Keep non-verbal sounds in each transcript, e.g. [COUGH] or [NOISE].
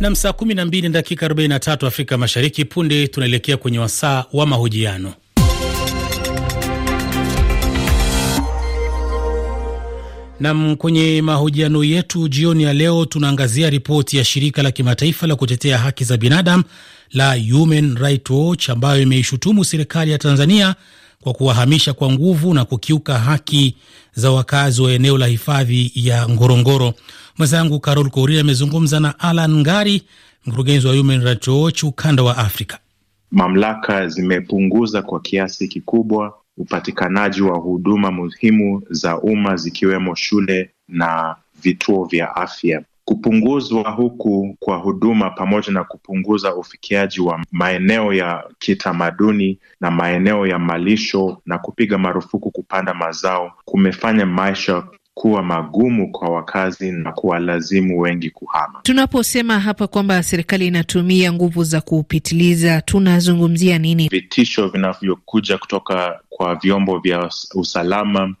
Nam, saa 12 dakika 43 Afrika Mashariki. Punde tunaelekea kwenye wasaa wa mahojiano. Nam, kwenye mahojiano yetu jioni ya leo tunaangazia ripoti ya shirika la kimataifa la kutetea haki za binadamu la Human Rights Watch ambayo imeishutumu serikali ya Tanzania kwa kuwahamisha kwa nguvu na kukiuka haki za wakazi wa eneo la hifadhi ya Ngorongoro. Mwenzangu Carol Korir amezungumza na Alan Ngari, mkurugenzi wa Human Rights Watch ukanda wa Afrika. Mamlaka zimepunguza kwa kiasi kikubwa upatikanaji wa huduma muhimu za umma zikiwemo shule na vituo vya afya. Kupunguzwa huku kwa huduma pamoja na kupunguza ufikiaji wa maeneo ya kitamaduni na maeneo ya malisho na kupiga marufuku kupanda mazao kumefanya maisha kuwa magumu kwa wakazi na kuwalazimu wengi kuhama. Tunaposema hapa kwamba serikali inatumia nguvu za kupitiliza, tunazungumzia nini? Vitisho vinavyokuja kutoka kwa vyombo vya usalama,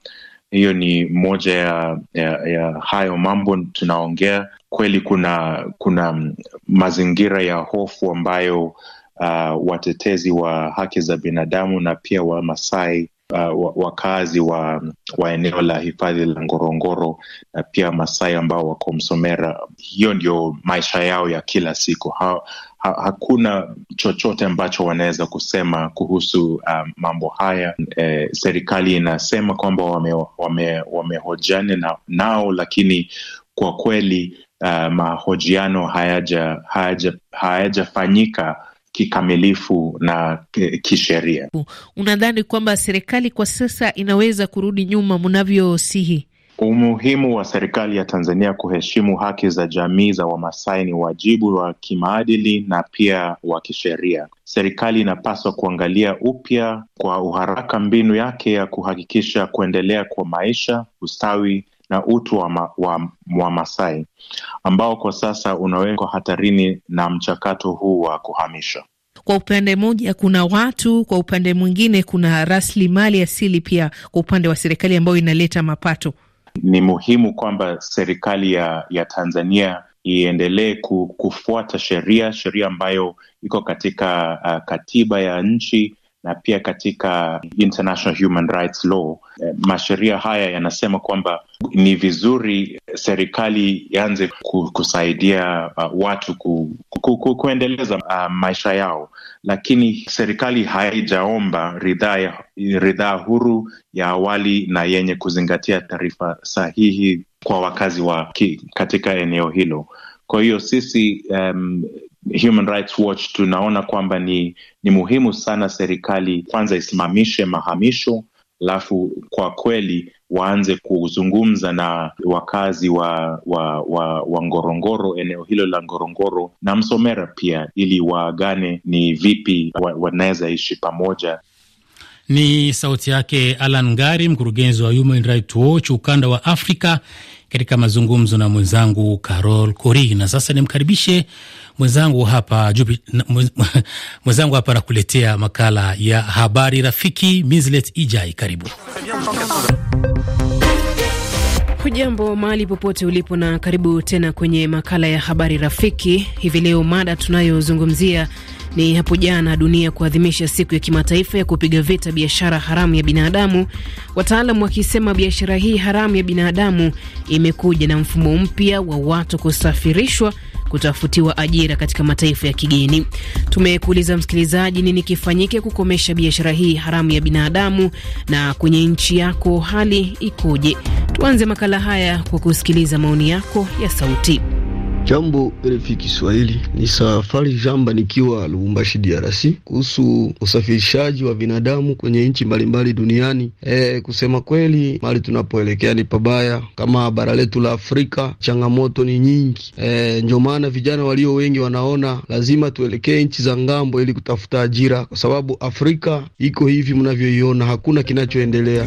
hiyo ni moja ya, ya, ya hayo mambo tunaongea. Kweli kuna kuna mazingira ya hofu ambayo uh, watetezi wa haki za binadamu na pia Wamasai uh, wakazi wa, wa eneo la hifadhi la Ngorongoro na pia Masai ambao wako Msomera. Hiyo ndio maisha yao ya kila siku ha, ha, hakuna chochote ambacho wanaweza kusema kuhusu uh, mambo haya. Eh, serikali inasema kwamba wame, wame na, nao, lakini kwa kweli uh, mahojiano hayajafanyika haya haya kikamilifu na kisheria. Unadhani kwamba serikali kwa sasa inaweza kurudi nyuma mnavyosihi? Umuhimu wa serikali ya Tanzania kuheshimu haki za jamii za Wamasai ni wajibu wa kimaadili na pia wa kisheria. Serikali inapaswa kuangalia upya kwa uharaka mbinu yake ya kuhakikisha kuendelea kwa maisha, ustawi na utu wa, ma, wa, wa Masai ambao kwa sasa unawekwa hatarini na mchakato huu wa kuhamisha. Kwa upande mmoja kuna watu, kwa upande mwingine kuna rasilimali asili pia kwa upande wa serikali ambayo inaleta mapato. Ni muhimu kwamba serikali ya, ya Tanzania iendelee kufuata sheria sheria ambayo iko katika uh, katiba ya nchi na pia katika international human rights law eh, masheria haya yanasema kwamba ni vizuri serikali ianze kusaidia uh, watu ku, ku, ku, kuendeleza uh, maisha yao, lakini serikali haijaomba ridhaa huru ya awali na yenye kuzingatia taarifa sahihi kwa wakazi wa katika eneo hilo. Kwa hiyo sisi um, Human Rights Watch tunaona kwamba ni, ni muhimu sana serikali kwanza isimamishe mahamisho, alafu kwa kweli waanze kuzungumza na wakazi wa wa, wa wa Ngorongoro, eneo hilo la Ngorongoro na Msomera pia, ili waagane ni vipi wanaweza ishi pamoja. Ni sauti yake Alan Ngari, mkurugenzi wa Human Rights Watch ukanda wa Afrika, katika mazungumzo na mwenzangu Carol Kori. Na sasa nimkaribishe Mwenzangu hapa Jupi, [LAUGHS] mwenzangu hapa anakuletea makala ya habari rafiki. Mislet Ijai, karibu. Hujambo mahali popote ulipo, na karibu tena kwenye makala ya habari rafiki. Hivi leo mada tunayozungumzia ni hapo jana dunia kuadhimisha siku ya kimataifa ya kupiga vita biashara haramu ya binadamu, wataalam wakisema biashara hii haramu ya binadamu imekuja na mfumo mpya wa watu kusafirishwa kutafutiwa ajira katika mataifa ya kigeni. Tumekuuliza msikilizaji, nini kifanyike kukomesha biashara hii haramu ya binadamu, na kwenye nchi yako hali ikoje? Tuanze makala haya kwa kusikiliza maoni yako ya sauti. Jambo RFI Kiswahili, ni safari jamba nikiwa Lubumbashi DRC, kuhusu usafirishaji wa binadamu kwenye nchi mbalimbali duniani. E, kusema kweli mahali tunapoelekea ni pabaya. Kama bara letu la Afrika changamoto ni nyingi. E, ndio maana vijana walio wengi wanaona lazima tuelekee nchi za ngambo ili kutafuta ajira, kwa sababu Afrika iko hivi mnavyoiona, hakuna kinachoendelea.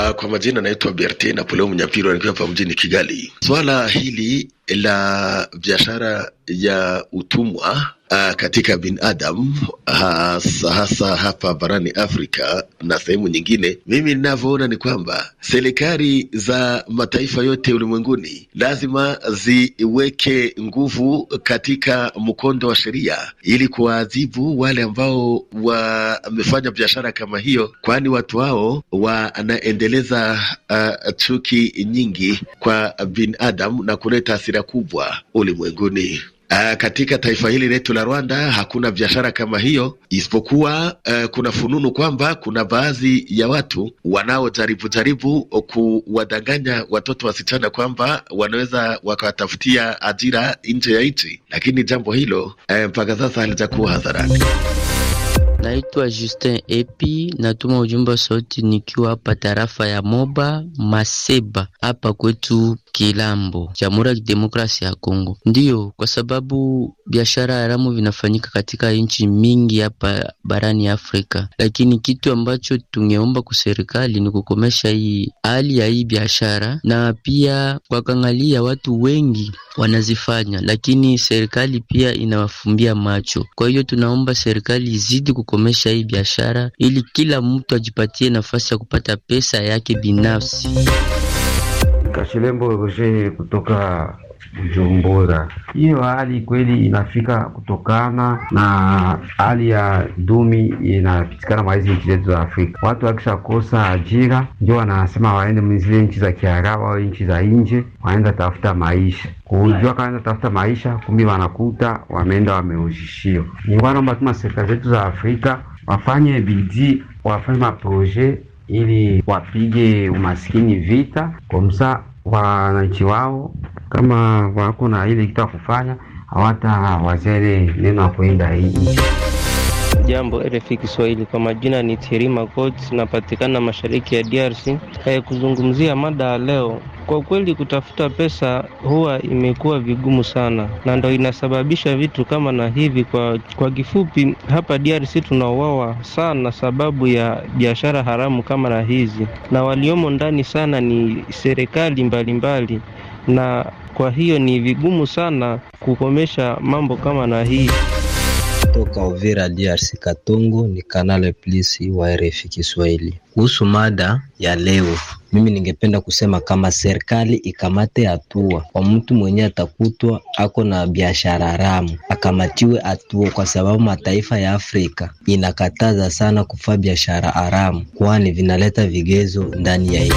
Uh, kwa majina naitwa Berte Napoleon Mnyapiro nikiwa hapa mjini Kigali. Swala hili la biashara ya utumwa uh, katika binadamu hasa hasa hapa barani Afrika na sehemu nyingine. Mimi ninavyoona ni kwamba serikali za mataifa yote ulimwenguni lazima ziweke nguvu katika mkondo wa sheria ili kuwaadhibu wale ambao wamefanya biashara kama hiyo, kwani watu hao wanaendeleza uh, chuki nyingi kwa binadamu na kuleta hasira kubwa ulimwenguni. Uh, katika taifa hili letu la Rwanda hakuna biashara kama hiyo, isipokuwa uh, kuna fununu kwamba kuna baadhi ya watu wanaojaribu jaribu kuwadanganya watoto wasichana kwamba wanaweza wakawatafutia ajira nje ya nchi, lakini jambo hilo eh, mpaka uh, sasa halijakuwa hadharani. Naitwa Justin Epi, natuma ujumbe sauti nikiwa hapa tarafa ya Moba Maseba, hapa kwetu Kilambo, Jamhuri ya Kidemokrasia ya Kongo. Ndiyo, kwa sababu biashara haramu vinafanyika katika nchi mingi hapa barani Afrika, lakini kitu ambacho tungeomba kwa serikali ni kukomesha hii hali ya hii biashara, na pia kangalia watu wengi wanazifanya, lakini serikali pia inawafumbia macho. Kwa hiyo tunaomba serikali izidi kukomesha hii biashara ili kila mtu ajipatie nafasi ya kupata pesa yake binafsi. Kashilembo Roger kutoka Bujumbura. Hiyo hali kweli inafika kutokana na hali ya dumi inapitikana mwa hizi nchi zetu za Afrika. Watu wakishakosa ajira, ndio wanasema waende mzile nchi za Kiarabu au nchi za nje, waenda tafuta maisha kujua kaenda tafuta maisha, kumbi wanakuta wameenda wameuzishiwa. Ningwanaomba tuma serikali zetu za Afrika wafanye bidii, wafanye maproje ili wapige umaskini vita kwa wananchi wao, kama wako na ile kitu kufanya hawata wazele neno ya kuenda hii Jambo RFI Kiswahili, kwa majina ni Thierry Gods, napatikana mashariki ya DRC. Kuzungumzia mada ya leo kwa kweli kutafuta pesa huwa imekuwa vigumu sana, na ndo inasababisha vitu kama na hivi. Kwa, kwa kifupi hapa DRC tunauawa sana sababu ya biashara haramu kama na hizi, na waliomo ndani sana ni serikali mbalimbali, na kwa hiyo ni vigumu sana kukomesha mambo kama na hii. Kutoka Uvira DRC Katongo ni Kanale plus wa RFI Kiswahili. Kuhusu mada ya leo, mimi ningependa kusema kama serikali ikamate hatua kwa mtu mwenye atakutwa ako na biashara haramu, akamatiwe hatua, kwa sababu mataifa ya Afrika inakataza sana kufaa biashara haramu, kwani vinaleta vigezo ndani ya nchi.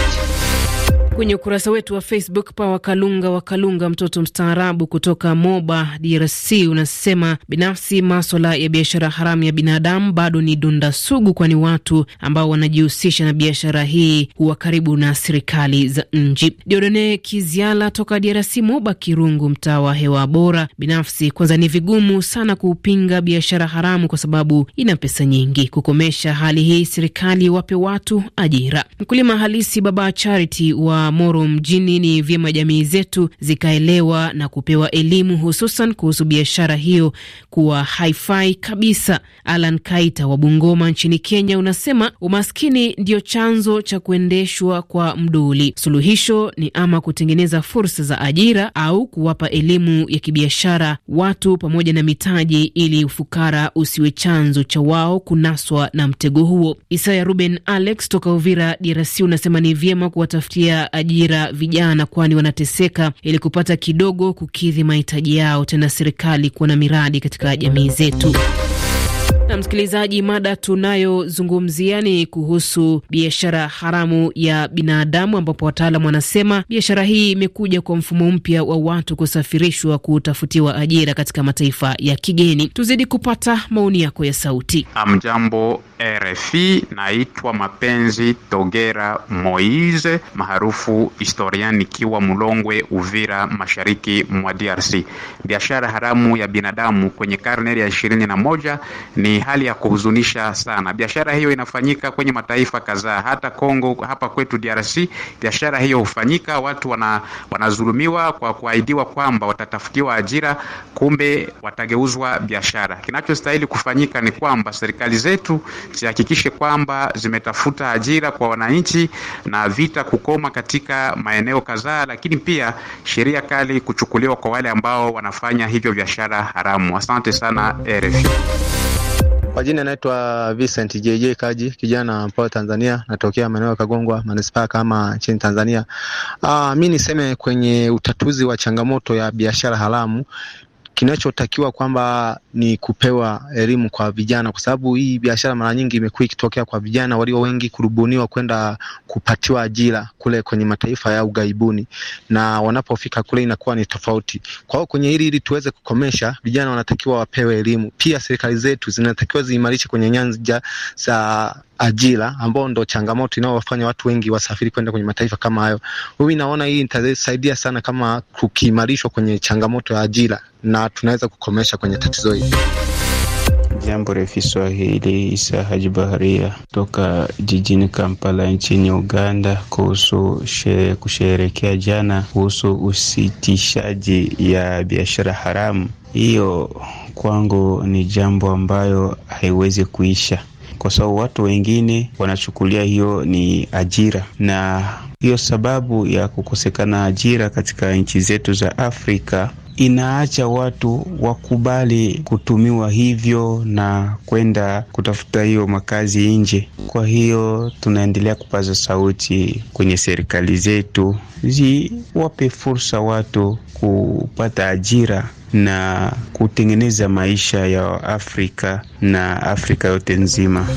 Kwenye ukurasa wetu wa Facebook pa Wakalunga Wakalunga, mtoto mstaarabu kutoka Moba, DRC, unasema binafsi maswala ya biashara haramu ya binadamu bado ni dunda sugu, kwani watu ambao wanajihusisha na biashara hii huwa karibu na serikali za nji Diodone Kiziala toka DRC, Moba Kirungu, mtaa wa hewa bora, binafsi kwanza ni vigumu sana kuupinga biashara haramu kwa sababu ina pesa nyingi. Kukomesha hali hii, serikali wape watu ajira. Mkulima halisi Baba Charity wa moro mjini, ni vyema jamii zetu zikaelewa na kupewa elimu hususan kuhusu biashara hiyo kuwa haifai kabisa. Alan Kaita wa Bungoma nchini Kenya unasema umaskini ndio chanzo cha kuendeshwa kwa mduli. Suluhisho ni ama kutengeneza fursa za ajira au kuwapa elimu ya kibiashara watu pamoja na mitaji, ili ufukara usiwe chanzo cha wao kunaswa na mtego huo. Isaya Ruben Alex toka Uvira, DRC unasema ni vyema kuwatafutia ajira vijana, kwani wanateseka ili kupata kidogo kukidhi mahitaji yao, tena serikali kuwa na miradi katika jamii zetu. Na msikilizaji, mada tunayozungumzia ni kuhusu biashara haramu ya binadamu, ambapo wataalam wanasema biashara hii imekuja kwa mfumo mpya wa watu kusafirishwa kutafutiwa ajira katika mataifa ya kigeni. Tuzidi kupata maoni yako ya sauti. Amjambo RFI. Naitwa Mapenzi Togera Moise, maarufu historian, nikiwa Mlongwe, Uvira, mashariki mwa DRC. Biashara haramu ya binadamu kwenye karne ya ishirini na moja ni hali ya kuhuzunisha sana. Biashara hiyo inafanyika kwenye mataifa kadhaa, hata Kongo hapa kwetu DRC. Biashara hiyo hufanyika, watu wana, wanazulumiwa kwa kuahidiwa kwamba watatafutiwa ajira, kumbe watageuzwa biashara. Kinachostahili kufanyika ni kwamba serikali zetu zihakikishe kwamba zimetafuta ajira kwa wananchi na vita kukoma katika maeneo kadhaa, lakini pia sheria kali kuchukuliwa kwa wale ambao wanafanya hivyo biashara haramu. Asante sana RFI. Kwa jina naitwa Vincent JJ Kaji, kijana mpoa Tanzania, natokea maeneo ya Kagongwa manispaa kama nchini Tanzania. Ah, mi niseme kwenye utatuzi wa changamoto ya biashara haramu kinachotakiwa kwamba ni kupewa elimu kwa vijana, kwa sababu hii biashara mara nyingi imekuwa ikitokea kwa vijana walio wengi kurubuniwa kwenda kupatiwa ajira kule kwenye mataifa ya ugaibuni, na wanapofika kule inakuwa ni tofauti. Kwa hiyo kwenye hili, ili tuweze kukomesha, vijana wanatakiwa wapewe elimu. Pia serikali zetu zinatakiwa ziimarishe kwenye nyanja za ajira ambao ndo changamoto inayowafanya watu wengi wasafiri kwenda kwenye mataifa kama hayo. Mimi naona hii itasaidia sana kama kukiimarishwa kwenye changamoto ya ajira, na tunaweza kukomesha kwenye tatizo hili. Jambo refu Swahili, Isa Haji Baharia kutoka jijini Kampala nchini Uganda, kuhusu kusherehekea jana kuhusu usitishaji ya biashara haramu. Hiyo kwangu ni jambo ambayo haiwezi kuisha kwa sababu watu wengine wanachukulia hiyo ni ajira, na hiyo sababu ya kukosekana ajira katika nchi zetu za Afrika inaacha watu wakubali kutumiwa hivyo na kwenda kutafuta hiyo makazi nje. Kwa hiyo tunaendelea kupaza sauti kwenye serikali zetu ziwape fursa watu kupata ajira na kutengeneza maisha ya Afrika na Afrika yote nzima.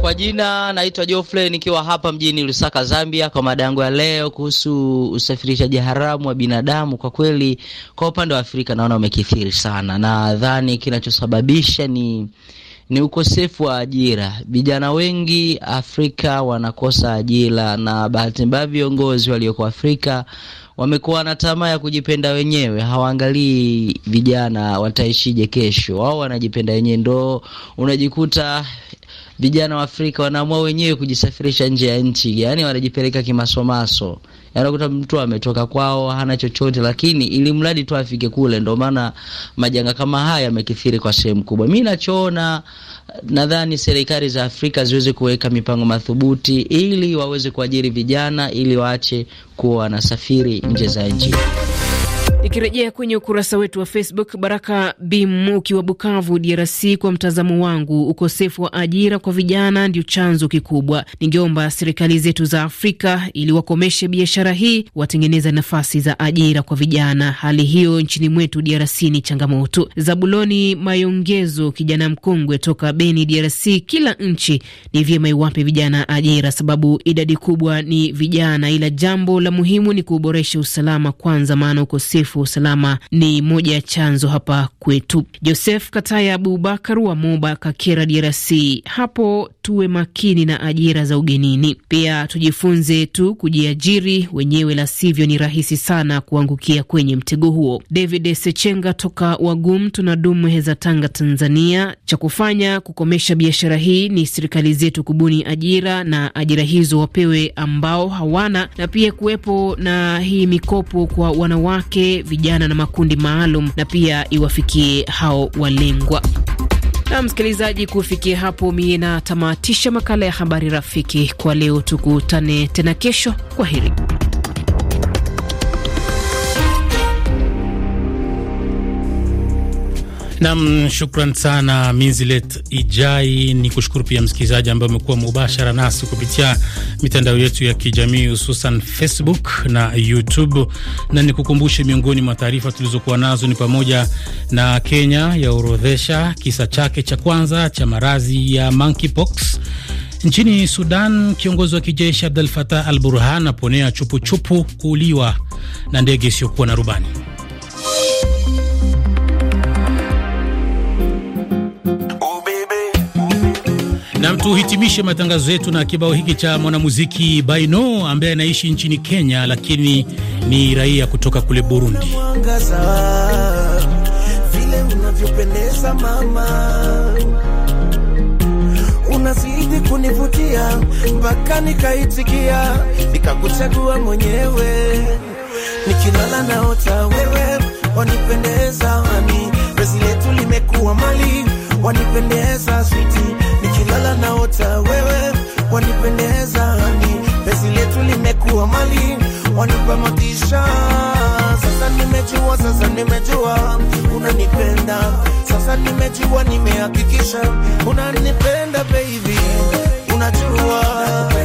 Kwa jina naitwa Geoffrey nikiwa hapa mjini Lusaka, Zambia, kwa mada yangu ya leo kuhusu usafirishaji haramu wa binadamu. Kwa kweli, kwa upande wa Afrika naona umekithiri sana. Nadhani kinachosababisha ni ni ukosefu wa ajira. Vijana wengi Afrika wanakosa ajira, na bahati mbaya viongozi walioko Afrika wamekuwa na tamaa ya kujipenda wenyewe, hawaangalii vijana wataishije kesho. Wao wanajipenda wenyewe, ndo unajikuta vijana wa Afrika wanaamua wenyewe kujisafirisha nje ya nchi, yaani wanajipeleka kimasomaso anakuta yaani mtu ametoka kwao hana chochote, lakini ili mradi tu afike kule. Ndio maana majanga kama haya yamekithiri kwa sehemu kubwa. Mimi nachoona, nadhani serikali za Afrika ziweze kuweka mipango madhubuti ili waweze kuajiri vijana ili waache kuwa wanasafiri nje za nchi. Ukirejea kwenye ukurasa wetu wa Facebook, Baraka bim ukiwa Bukavu, DRC, kwa mtazamo wangu, ukosefu wa ajira kwa vijana ndio chanzo kikubwa. Ningeomba serikali zetu za Afrika ili wakomeshe biashara hii, watengeneza nafasi za ajira kwa vijana. Hali hiyo nchini mwetu DRC ni changamoto. Zabuloni Mayongezo, kijana mkongwe toka Beni, DRC, kila nchi ni vyema iwape vijana ajira, sababu idadi kubwa ni vijana, ila jambo la muhimu ni kuboresha usalama kwanza, maana ukosefu usalama ni moja ya chanzo hapa kwetu. Joseph Kataya Abubakar wa Moba Kakera, DRC. Hapo tuwe makini na ajira za ugenini, pia tujifunze tu kujiajiri wenyewe, la sivyo ni rahisi sana kuangukia kwenye mtego huo. David Sechenga toka Wagum tunadumu heza Tanga, Tanzania. Cha kufanya kukomesha biashara hii ni serikali zetu kubuni ajira na ajira hizo wapewe ambao hawana, na pia kuwepo na hii mikopo kwa wanawake, vijana na makundi maalum, na pia iwafikie hao walengwa. Na msikilizaji, kufikia hapo mie natamatisha makala ya habari rafiki kwa leo. Tukutane tena kesho. Kwa heri. Nam, shukran sana Minzilet Ijai. Ni kushukuru pia msikilizaji ambaye umekuwa mubashara nasi kupitia mitandao yetu ya kijamii hususan Facebook na YouTube, na nikukumbushe miongoni mwa taarifa tulizokuwa nazo ni pamoja na Kenya yaorodhesha kisa chake cha kwanza cha maradhi ya monkeypox. Nchini Sudan, kiongozi wa kijeshi Abdel Fattah al Burhan aponea chupuchupu kuuliwa na ndege isiyokuwa na rubani. Na tuhitimishe matangazo yetu na kibao hiki cha mwanamuziki Baino ambaye anaishi nchini Kenya lakini ni raia kutoka kule Burundi. Vile unavyopendeza mama, unazidi kunivutia mpaka nikaitikia, nikakuchagua mwenyewe. Nikilala naota wewe, wanipendeza, wani bezi letu limekuwa mali, wanipendeza switi lala ota wewe, wanipendeza ni pezi letu limekuwa mali, wanipa matisha sasa. Nimejua, sasa nimejua unanipenda sasa. Nimejua, nimehakikisha unanipenda baby, unajua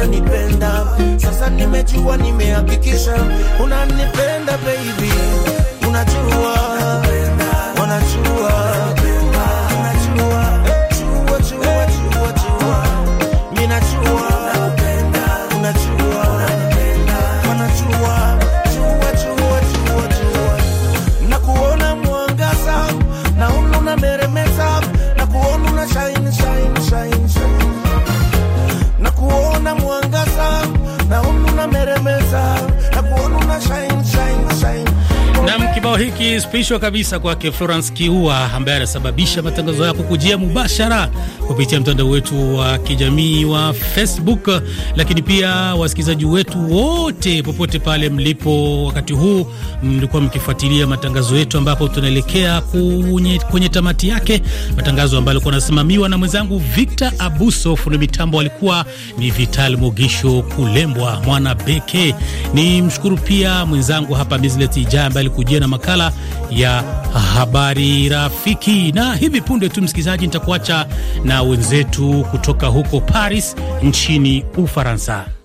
unanipenda, sasa nimejua, nimehakikisha unanipenda baby, unajua Chapishwa kabisa kwake Florence Kiua ambaye anasababisha matangazo yako kujia mubashara kupitia mtandao wetu wa kijamii wa Facebook, lakini pia wasikilizaji wetu wote popote pale mlipo, wakati huu mlikuwa mkifuatilia matangazo yetu, ambapo tunaelekea kwenye, kwenye tamati yake, matangazo ambayo alikuwa anasimamiwa na mwenzangu Victor Abuso. Fundi mitambo alikuwa ni Vital Mogisho Kulembwa mwana beke. Ni mshukuru pia mwenzangu hapa Bizleti Ija ambaye alikujia na makala ya habari rafiki. Na hivi punde tu, msikilizaji, nitakuacha na wenzetu kutoka huko Paris nchini Ufaransa.